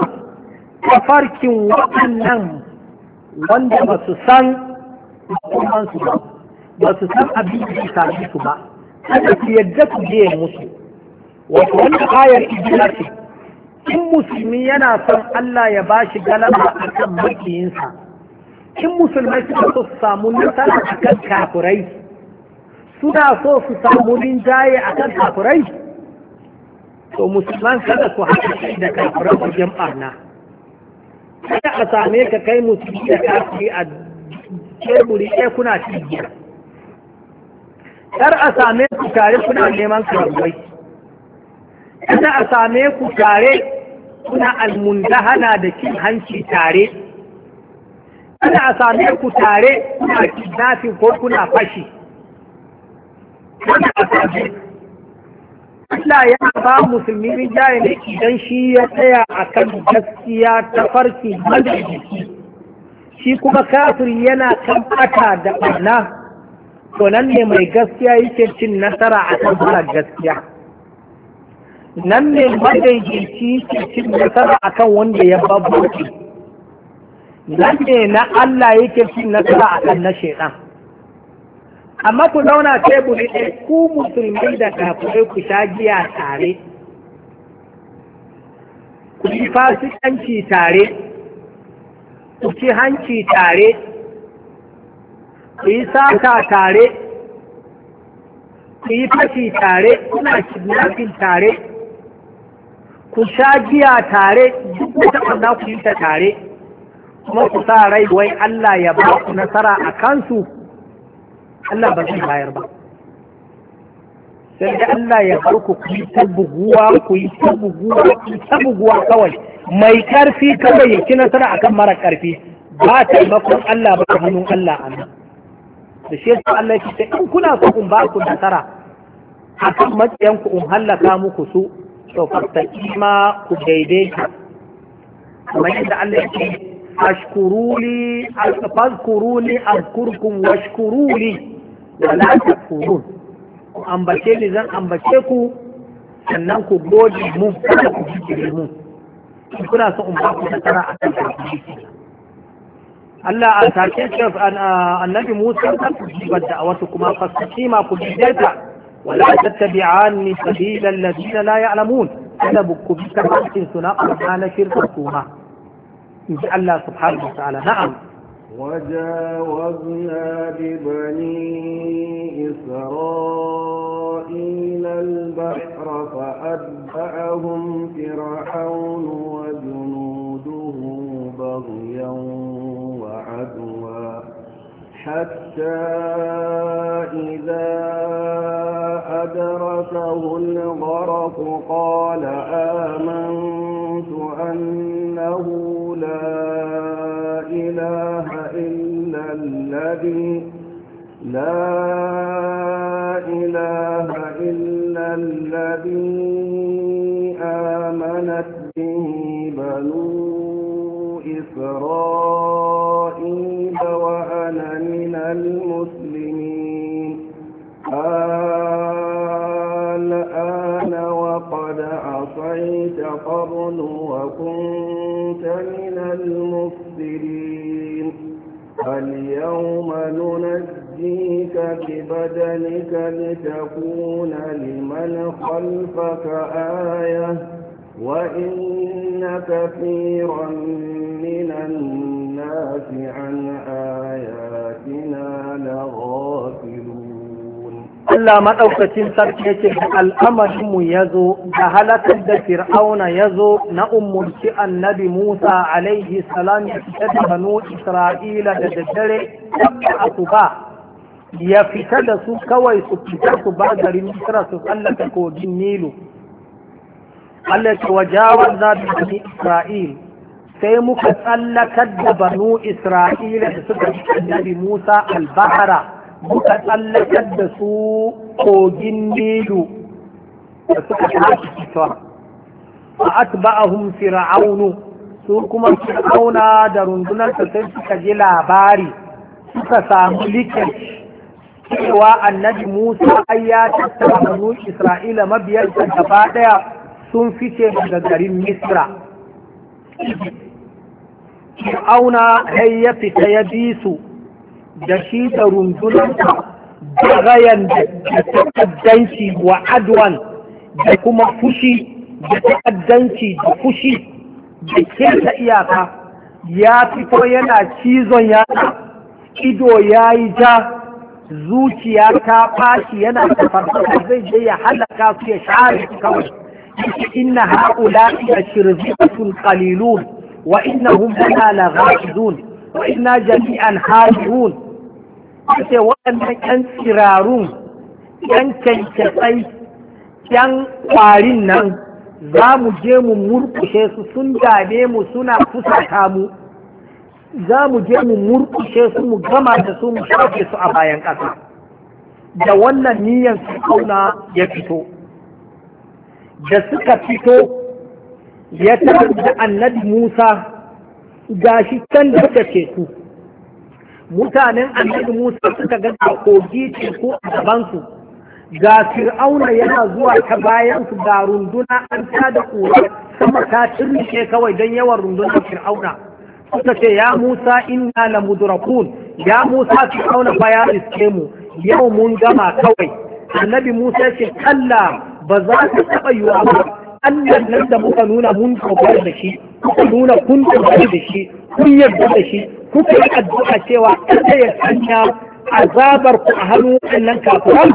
tafarkin waɗannan wanda ba su san hukumansu ba ba su san abin da su ba kada ku yadda ku je musu wato wannan ayar ijira ce in musulmi yana son Allah ya bashi galaba a kan makiyinsa in musulmai suka so su samu nasara a kan kafurai suna so su samu rinjaye a kan kafurai? to musulman kada ku haɗa da ku wajen na. kada a same ka kai musulmi da kafiri a teburi ɗaya kuna cikin kar a same ku tare kuna neman karamai. kada a same ku tare kuna almundahana da cin hanci tare kada a same ku tare kuna kidnapping ko kuna fashi kada a same Allah ya ba musulmi rinjaye ne idan shi ya tsaya a kan gaskiya ta farki madadiki shi kuma kafiri yana kan da ɓarna to nan ne mai gaskiya yake cin nasara a kan mara gaskiya nan ne madaidaici yake cin nasara a kan wanda ya babbaci nan ne na Allah yake cin nasara a kan na shaidan amma ku zauna teburi ɗaya ku musulmi da kafirai ku sha giya tare ku yi fasikanci tare ku ci hanci tare ku yi sata tare ku yi fashi tare kuna kidnapping tare ku sha giya tare duk wata wanda ku yi ta tare kuma ku sa rai wai Allah ya ba ku nasara a kansu Allah ba zai bayar ba sai da Allah ya bar ku kuyi yi ta buguwa ku yi ta buguwa ku yi ta buguwa kawai mai karfi kawai ya ki nasara akan mara karfi ba taimakon Allah ba hannun Allah a nan da shi yasa Allah ya ce in kuna so in ba ku nasara akan maƙiyan ku in hallaka muku su to ima ku daidaita kamar yadda Allah ya ce ashkuruli fazkuruni azkurkum washkuruli wala takfurun ku ambace ni zan ambace ku sannan ku gode mu kada ku jikire mu kuna so in ba ku nasara akan ku Allah a take shi annabi Musa kan ku jibar da wasu kuma fasima ku jibarta wala tattabi'anni sabila alladhina la ya'lamun kada ku bi tafarkin suna na shirka kuma in ji Allah subhanahu wa ta'ala na'am وجاوزنا ببني إسرائيل البحر فأتبعهم فرعون وجنوده بغيا حتى إذا أدركه الغرق قال آمنت أنه لا إله إلا الذي لا إله إلا الذي آمنت به بنو إسرائيل وأنا من المسلمين الآن وقد عصيت قبل وكنت من المفسدين اليوم ننجيك ببدنك لتكون لمن خلفك آية وإن ويضلن كثيرا من الناس عن آياتنا لغافلون الله ما أوكتين سركيك الأمر يزو أهلك فرعون يزو نأم النبي موسى عليه السلام يشهد بنو إسرائيل لدجل أطباء ya fita da su kawai su fita su ba garin التي وجاوزا بني إسرائيل سي سيمك تسلك بنو إسرائيل سيدنا موسى البحر مكتلك دسو أو جنيلو فأتبعهم فرعون سوكما فرعون درون دون التسلسك جلا باري فسام لكش سوى النبي موسى أيات بنو إسرائيل مبيل تنفاتيا sun fice daga garin misra auna sai ya fita ya bi su da shi da rundunansa da rayan da ta'addanci wa adwan da kuma fushi da ta'addanci da fushi da kesa iyaka ya fito yana cizon yatsa ido ya yi ja zuciya ta fashi yana da zai je ya halaka su ya share kawai inna haula la shirziqatun qalilun wa innahum lana laghafidun wa inna jami'an hajirun sai waɗannan ƴan tsirarun ƴan kyankyasai ƴan ƙwarin nan za mu je mu murkushe su sun dame mu suna fusata mu za mu je mu murkushe su mu gama da su mu shafe su a bayan ƙasa da wannan niyyar su kauna ya fito da suka fito ya da annabi Musa gashi can da suka teku mutanen annabi Musa suka ga kogi teku a gabansu ga fir'auna yana zuwa ta bayansu ga runduna an ta da kura sama ta cirke kawai don yawan rundunar fir'auna suka ce ya Musa inna la mudrakun ya Musa fir'auna fa ya iske mu yau mun gama kawai annabi Musa ya ce kalla ba za ta taɓa yiwa ba Allah nan da muka nuna mun kogar da shi kuka nuna kun kogar da shi kun yarda da shi kuka yi addu'a cewa kada ya sanya azabar ku a hannu wannan kafiran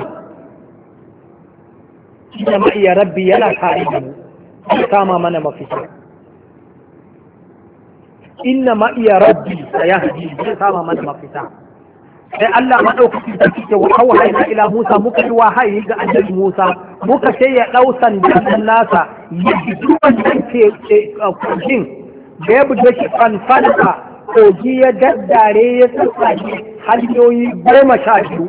jama'a ya rabbi yana kare da mu kama mana mafita inna ma iya rabbi sayahdi zai kama mana mafita sai Allah madaukaki da kike wa hawaina ila Musa muka yi wahayi ga annabi Musa muka ce ya dau sandan nasa ya fito wannan ke kogin da ya bude shi fanfanka kogi ya daddare ya tsatsaki hanyoyi goma sha biyu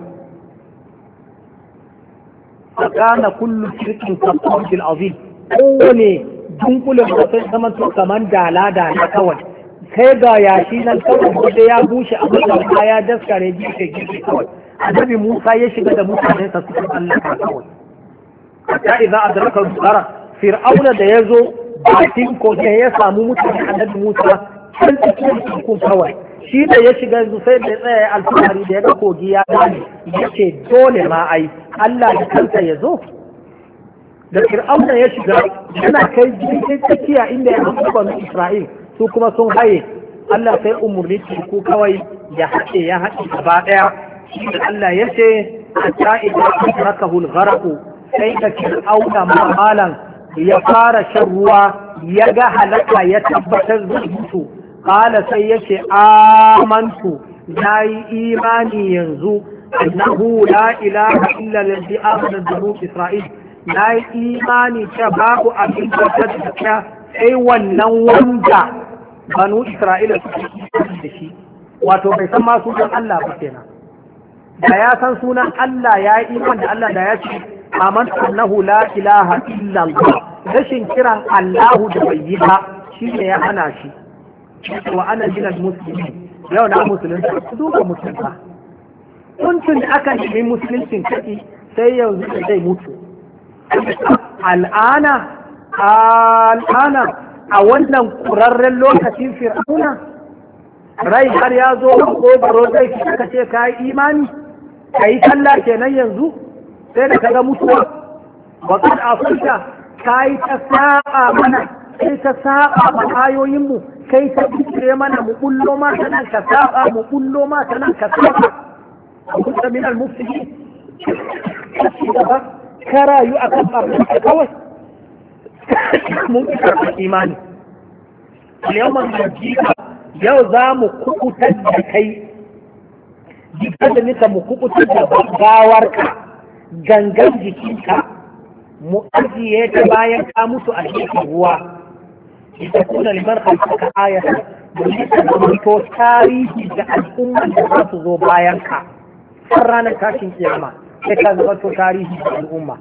kana kullu shirkin kasuwar azim kowane dunkulen da sun zama kamar dala-dala kawai kai ga yashi nan kawai bude ya bushe a mutan ya daskare gefe gefe kawai annabi Musa ya shiga da mutanen sa suka tsallaka kawai hatta idza adraka al-bara fir'auna da yazo bakin ko ya samu mutanen annabi Musa can cikin kun kawai shi da ya shiga yanzu sai da tsaya ya alfahari da ya ga kogi ya dame ya ce dole ma ai Allah da kanta ya zo da fir'auna ya shiga yana kai jirgin tsakiya inda ya zama Isra'il su kuma sun haye Allah sai umarni ce ku kawai ya haɗe ya haɗe gaba ɗaya shi da Allah ya ce hatta idan adraka hul gharqu sai da fir'auna malam ya fara shan ruwa ya ga halaka ya tabbatar da mutu Kala sai yace amantu nayi imani yanzu annahu la ilaha illa allazi amana banu isra'il nayi imani ta babu abin da ta sai wannan wanda banu isra'ila su da shi wato bai san ma sunan Allah ba kenan da ya san sunan Allah ya yi iman da Allah da ya ce aman annahu la ilaha illa Allah rashin kiran Allahu da bai yi ba shi ne ya hana shi wa ana jinan musulmi yau na musulunta duka musulunta kuncin da aka nemi musuluncin kaɗi sai yanzu da zai mutu al'ana al'ana a wannan kurarren lokacin fir'auna rai har ya zo ko zai ki ka ce ka yi imani ka yi kalla kenan yanzu sai da ga mutuwa wa afirka ka yi ta saba mana kai ta saba ma ayoyinmu kai ta kire mana mu kullo ma sanan ka saba mu kullo ma sanan ka saba A min al-mufsidin ka rayu akan barna kawai mun fi imani yawman hajjika yau za mu kukutar da kai jikar da nika mu kukutar da gawarka gangan jikinka mu ajiye ta bayan ka mutu a cikin ruwa ita kuna liman halkaka ayata domin ta zamanto tarihi da al'umma da za su zo bayan ka har ranar tashin kiyama sai ka zamanto tarihi da al'umma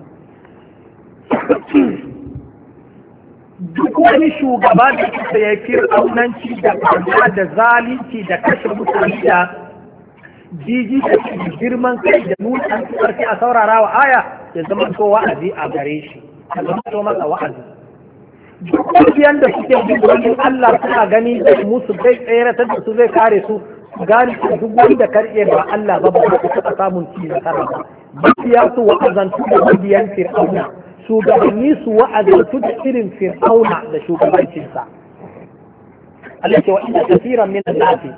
duk wani shugaba da kusa ya fi raunanci da kama da zalunci da kashe mutane da jiji da girman kai da nuna an a saurara wa aya ya zama to wa'azi a gare shi ya zama to masa wa'azi duk kungiyan da suke bin wani Allah suna gani da musu zai tsere ta da su zai kare su gani duk wanda karye ba Allah ba ba su taɓa samun ci nasara ba mafiya su wa'azantu da kungiyan fir'auna shugabanni su wa'azin da irin fir'auna da shugabancinsa Allah ce wa inna kafiran min annasi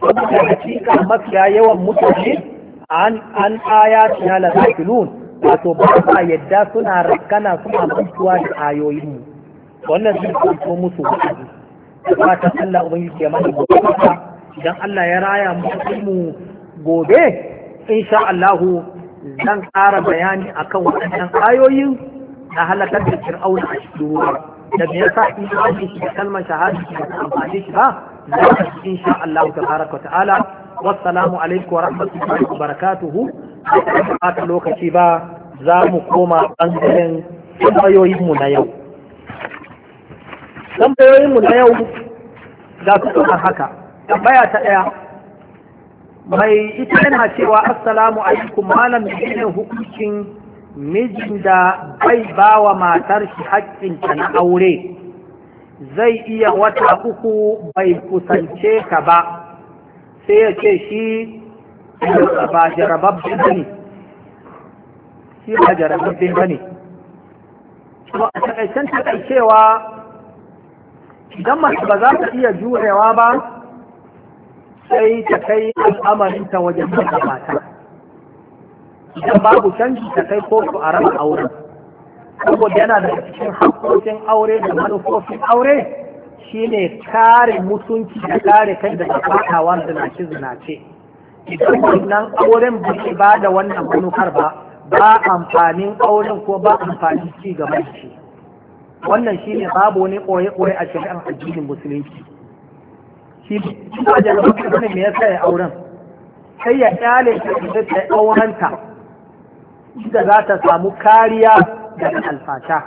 saboda hakika mafiya yawan mutane an an ayatina la zakilun wato ba sa yadda suna raskana suna mutuwa da ayoyin mu wannan zai kuma musu wa'azi fatan Allah ubangiji ya mana gobe idan Allah ya raya mu gobe insha Allah zan ƙara bayani akan waɗannan ayoyin na halakar da fir'auna a cikin ruwa da me yasa in an shi da kalmar shahada ba amfani shi ba za ka ci insha Allah tabaraka wa ta'ala wassalamu alaikum wa rahmatullahi wa barakatuhu a ta lokaci ba za mu koma bangaren tambayoyin mu na yau tambayoyin mu na yau ga su haka tambaya ta daya mai ita yana cewa assalamu alaikum malam menene hukuncin mijin da bai ba wa matar shi haƙƙinta na aure zai iya wata uku bai kusance ka ba sai ya ce shi ba jarababbin ba ne shi ba jarababbin ba ne a taƙaicen taƙaicewa idan mace ba za ta iya jurewa ba sai ta kai al'amarinta wajen mata idan babu canji ta kai kotu a raba auren saboda yana da cikin hakkokin aure da manufofin aure shine kare mutunci da kare kai daga fadawa zinace zinace idan wannan auren ba ba da wannan manufar ba ba amfanin auren ko ba amfanin ci gaban shi wannan shine babu wani koye-koye a shari'ar addinin musulunci shi ba da lokacin me yasa ya auren sai ya kyale ta da ta da za ta samu kariya daga alfasha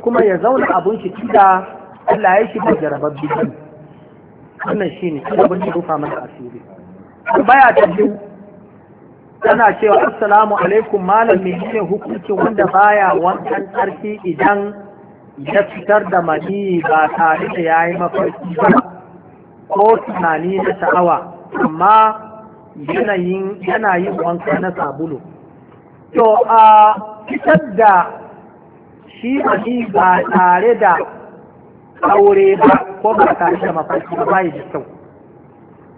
kuma ya zauna abun shi da Allah ya shi da biyu? wannan shi ne kuma da rufa mana asiri tambaya ta biyu tana cewa assalamu alaikum malam mai ne hukunci wanda baya wancan ƙarfi idan ya fitar da mani ba tare da ya yi mafarki ba ko tunani na sha'awa amma yanayin yana yin wanka na sabulu to a fitar da shi ani ba tare da aure ba ko ba tare da mafarki ba yi da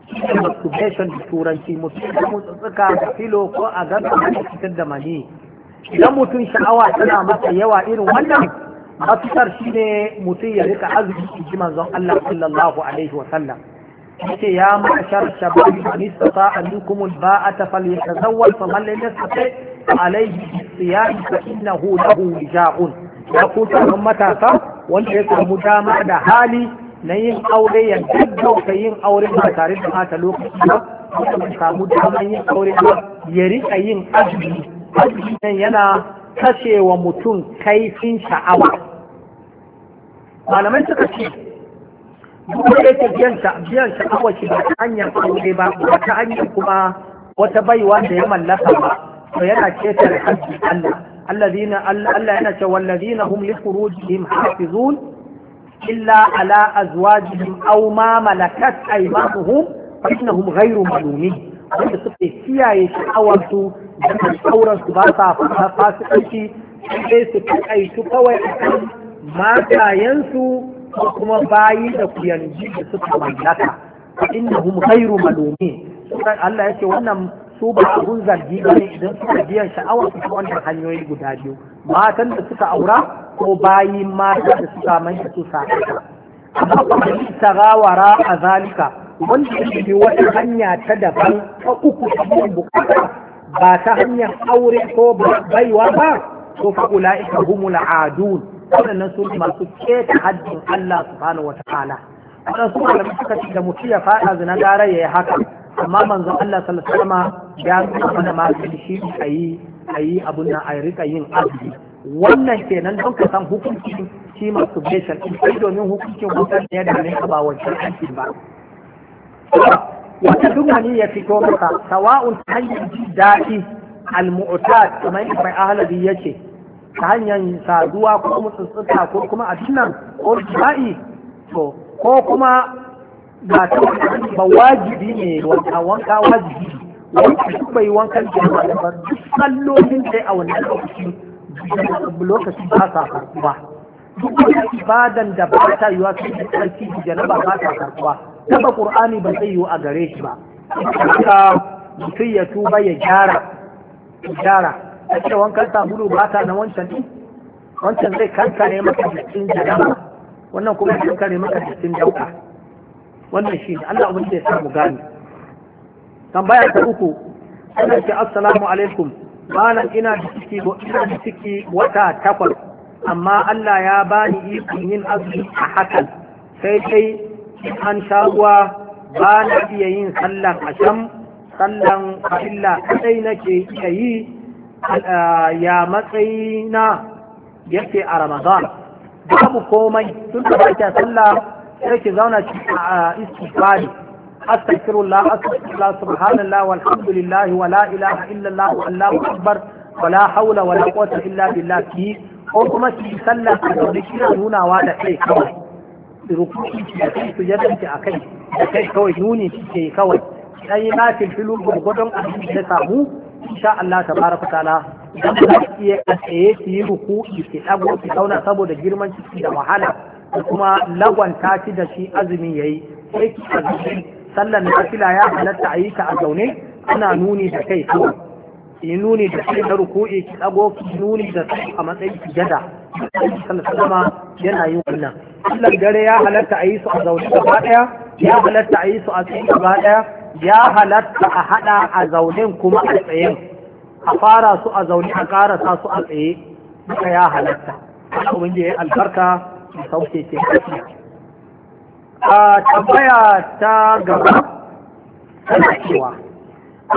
kyau masturbation da turanci mutum da tsaka da filo ko a gaba da fitar da mani idan mutum sha'awa tana masa yawa irin wannan mafitar shi ne mutum ya rika azumi ji manzon Allah sallallahu alaihi wa sallam yace ya ma'ashar shabab man ba a al-ba'ata falyatazawwal faman lam yastati alaihi siyari fa innahu lahu wija'un ya ku taron matasa wanda ya samu dama da hali na yin aure ya gaggauta yin aure ba tare da mata lokaci ba ya samu damar yin aure ba ya rika yin azumi azumi nan yana kashewa mutum kaifin sha'awa malamai suka ce duk da yake biyan sha'awar shi ba ta hanyar aure ba ba ta hanyar kuma wata baiwa da ya mallaka ba to yana ketare hajji Allah alladhina Allah yana cewa walladhina hum li furujihim hafizun illa ala azwajihim aw ma malakat aymanuhum fa innahum ghayru malumin wanda suke kiyaye sha'awarsu da sauransu ba sa fasikanci sai su kaitu kawai akan matayensu ko kuma bayi da kuyanji da suka mallaka fa innahum ghayru malumin Allah ya ce wannan su ba abun zargi ba ne idan suka biyan sha'awar su ta wannan hanyoyi guda biyu matan da suka aura ko bayi mata da suka manta su sa amma kuma yi tagawara a zalika wanda ya bi wata hanya ta daban ta uku ta bukata ba ta hanyar aure ko baiwa ba to fa ulaika humul adun wadannan sun masu keta haddin Allah subhanahu wataala wadansu malamai suka ce da mutum ya fada zina gara yayi haka amma manzon Allah sallallahu alaihi wasallam ya nuna mana magani shi ayi ayi abun nan a rika yin azumi wannan kenan don ka san hukunci shi masturbation in sai domin hukuncin wutar ne da ne ba wancan aiki ba wata wani ya fito maka sawa'un ta hanyar ji daɗi al-mu'tad kamar yadda mai yace ta hanyar saduwa ko mutsutsuka ko kuma a ko jima'i ko kuma ba ta ba wajibi ne wanka wanka wajibi wanka duk bai wankan jama'a da ba duk sallolin sai a wannan lokaci lokaci ba sa karɓuwa duk wani ibadan da ba ta yiwa sai da tsarki da janaba ba ta karɓuwa taba qur'ani ba zai yiwu a gare shi ba haka mutum ya tuba ya gyara gyara a ce wankan sabulu ba ta na wancan wancan zai kankare maka jikin janaba wannan kuma kankare maka jikin dauka wannan shi ne Allah abin da ya samu gani tambaya ta uku ana ce assalamu alaikum ba ina da ciki ina da ciki wata takwas amma Allah ya bani ikon yin azumi a hakan sai dai an sha ruwa ba na iya yin sallan asham sallan illa kadai nake iya yi ya na yake a ramadan babu komai tun da ba sallah sai ki zauna cikin a istighfari astaghfirullah astaghfirullah subhanallah walhamdulillah wala ilaha illallah wallahu akbar wala haula wala quwwata illa billah ki ko kuma ki sallah, ki da kina nunawa da kai kawai rukuki ki kai sujadin ki akai da kai kawai nuni ki kawai dan yi nafil filu gurgudun abin da samu insha Allah tabaraka taala idan ba ki iya tsaye ki yi rukuki ki dago ki zauna saboda girman ciki da wahala da kuma lagwanta shi da shi azumi yayi sai ki azumi sallan nafila ya halatta a yi ta a zaune ana nuni da kai kawai yi nuni da kai na ruku'i ki dago ki nuni da kai a matsayin sujada sallama yana yin wannan sallan dare ya halatta a yi su a zaune gaba daya ya halatta a yi su a tsaye gaba daya ya halatta a hada a zaune kuma a tsaye, a fara su a zaune a karasa su a tsaye duka ya halatta Allah ubangiji ya albarka sauke ke a tambaya ta gaba tana cewa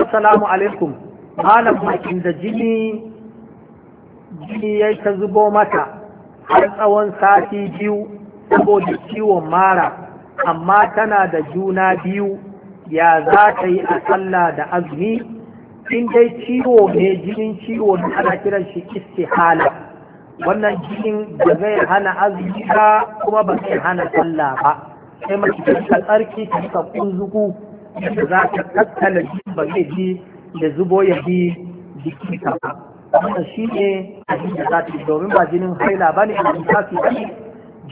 assalamu alaikum malam makin da jini jini ya ta zubo mata har tsawon sati biyu saboda ciwon mara amma tana da juna biyu ya za ta yi a sallah da azumi in dai ciwo mai jinin ciwo da ana kiran shi istihala wannan jikin da zai hana azumi ba kuma ba zai hana sallah ba sai mace ta tsarki ta rika kunzuku da za ta tattala jin ba zai ji da zubo ya bi jiki ta ba wannan shi ne abin da za domin ba jinin haila ba ne a lissafi ba ne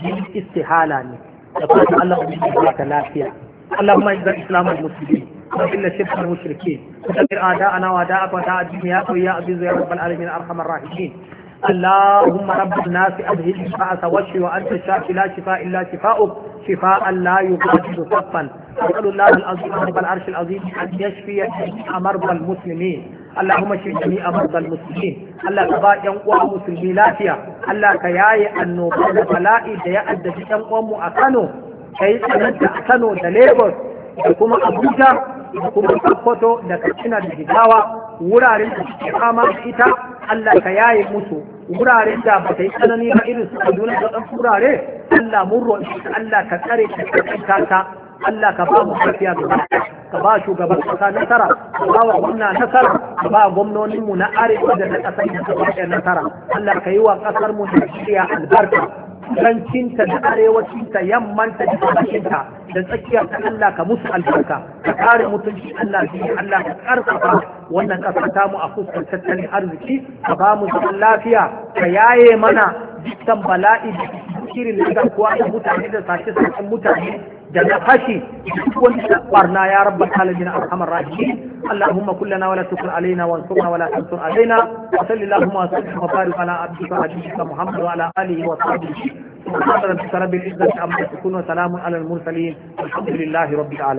jini istihala ne da fatan Allah ubangiji ya ka lafiya اللهم اجزا da'a المسلمين وإلا شبه المشركين ودمر أعداءنا وأعداءك وأعداء الدنيا ويا عزيز يا رب العالمين أرحم الراحمين اللهم رب الناس أذهب البأس واشف وأنت الشافي لا شفاء إلا شفاؤك شفاء لا يغادر سقما أسأل الله العظيم رب العرش العظيم أن يشفي جميع مرضى المسلمين اللهم اشف جميع مرضى المسلمين الله كبا ينقوى مسلمي لافيا الله كياي النوبة بلائي ديا أدى جمع ومؤكنو كيس أنت أكنو دليبر da kuma abuja da kuma sokoto da katsina da jigawa wuraren da suke fama ita allah ka yaye musu wuraren da ba ta yi tsanani ba irin su kaduna da ɗan wurare allah mun roƙi allah ka tsare ta tsakanta ta Allah ka ba mu tafiya gaba ka ba shugaban kasa nasara ka ba wa gwamna nasara ka ba gwamnoninmu na arewa da na ƙasar da nasara Allah ka yi wa ƙasarmu da albarka kudancinta da arewacinta yammanta da kudancinta da tsakiyar ta Allah ka musu albarka ka kare mutunci Allah zai Allah ka karfafa wannan ƙasa ta mu a fuskar tattalin arziki ka ba mu zaman lafiya ka yaye mana dukkan bala'i da shirin da kuwa da mutane da sace-sacen mutane da na fashi duk wani kwarna ya rabbal alamin arhamar rahimin اللهم كن لنا ولا تكن علينا وانصرنا ولا تنصر علينا وصل اللهم وسلم وبارك على عبدك وحبيبك محمد وعلى اله وصحبه سبحان ربك رب العزه عما يصفون وسلام على المرسلين والحمد لله رب العالمين